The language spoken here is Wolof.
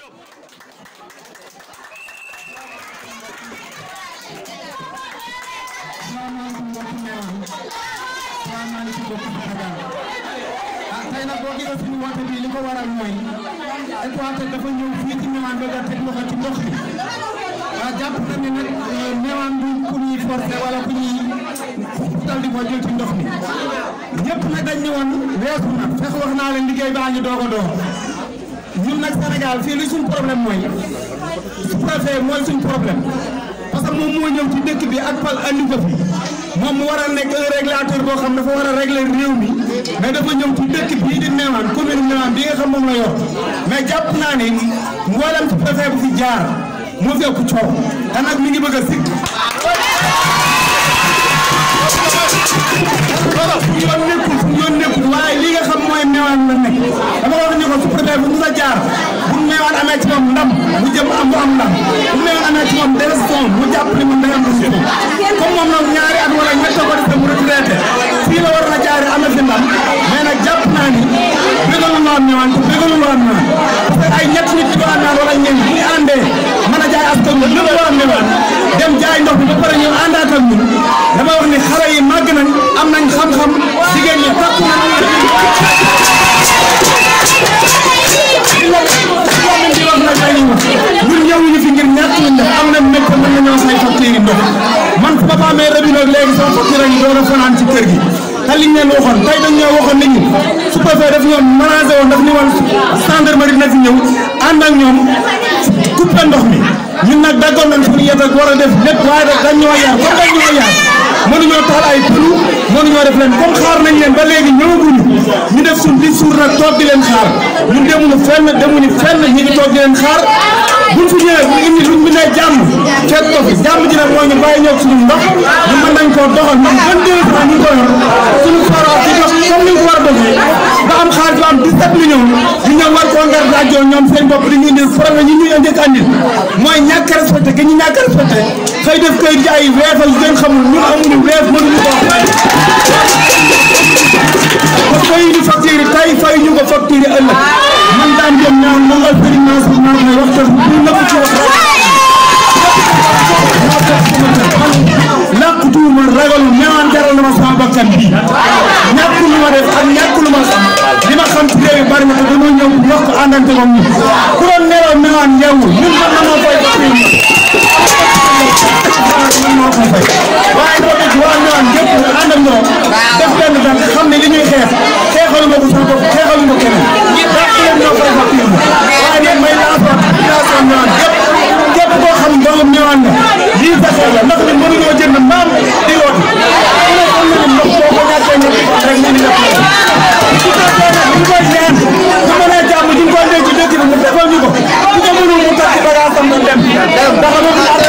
Diop salaamaaleykum mbokk Sénégal ah tey nag boo gisee suñu woote bi li ko waral mooy Equateur dafa ñëw fii ci Méouane bëgg a teg loxo ci ndox mi waaw ah, jàpp na ne nag euh, Méouane du ku ñuy forcé wala ku ñuy dal di ko jël ci ndox mi ñëpp nag dañ ne woon weesu na fex wax naa leen liggéey baa ngi doog a doog ñun nag Sénégal fii li suñu problème mooy sous problème parce que moom moo ñëw ci dëkk bi ak pal andi ko fi moom mu war a nekk un régulateur boo xam dafa war a régler réew mi mais dafa ñëw ci dëkk bii di Mewane commune Mewane bi nga xam moom la yor mais jàpp naa ne mboolem sous-préfet bu fi jaar moo fi ëpp coow te nag mi ngi bëgg a sikk amee ci moom ndam mu jëm am mu am ndam bu ñu leen amee ci moom des fonds mu jàpp ni moom day am des fonds comme moom nag ñaari at wala ñett ko def mu retraité fii la war na jaare amee fi ndam mais nag jàpp naa ni bëggalu loo am ñëwaan bëggalu loo am ñëwaan parce que ay ñett nit yoo am naan wala ñeent bu ñu àndee mën a jaay askan wi lu loo am ñëwaan dem jaay ndox bi ba ma amee robinet léegi sama facture yi doon a fanaan ci kër gi te liñ leen waxoon tey dañ ñoo waxoon nit ñi su préfet daf ñoom menacé woon daf ñu na gendarmerie dina fi ñëw ànd ñoom coupé ndox mi ñun nag daggoon nañ suñu yet ak war a def lépp waaye nag dañ ñoo yar comme dañ ñoo yar mënuñoo taal ay pëlu xaar nañ leen ba léegi ñëwaguñu ñu def suñ li suur nag toog di leen xaar ñun demuñu fenn demuñu fenn ñu ngi toog di leen xaar buñ fi ñëwee bu indi luñ mën a jàmm fekk ko fi jàmm ji nag mooy ñu bàyyi ñoog suñu ndox ñu mën nañ koo doxal ndax 22 francs ñu ngi ko yor suñu forage di dox comme ni nga a ba ñu ñu indil problème yi mooy ñàkk a respecté gi ñu ñàkk a respecté def kayit ji ay weefal yu xamul ñun tuuma ragal ñaan jaral na ma sama bakkan bi ñàkk lu ma def ak ñàkk lu ma xam li ma xam ci réew yi bari na te dama ñëw yokk àndante moom ñi ku doon nelaw ñaan yeewu ñun man na ma koy waaye doo dégg waa ñaan yëpp àndandoo def benn dal xam ne li ñuy xeex xeexalu ma ko sama bopp xeexalu ma keneen dàq leen ñoo koy fàttali waaye nag may laafat ñaan yëpp képp koo xam doomu ñaan nga lii bassin la ndox mi mënuñoo jënd mbaam di yóotu am na xam nañu ndox boo ko ñàkkee ñu rek mu ngi def loolu su fekkee nag ñu koy ñaan su mënee jàmm ñu ngi koy dégg dëkk bi mu defal ñu ko su ko mënul mu takk bagaasam dem ndax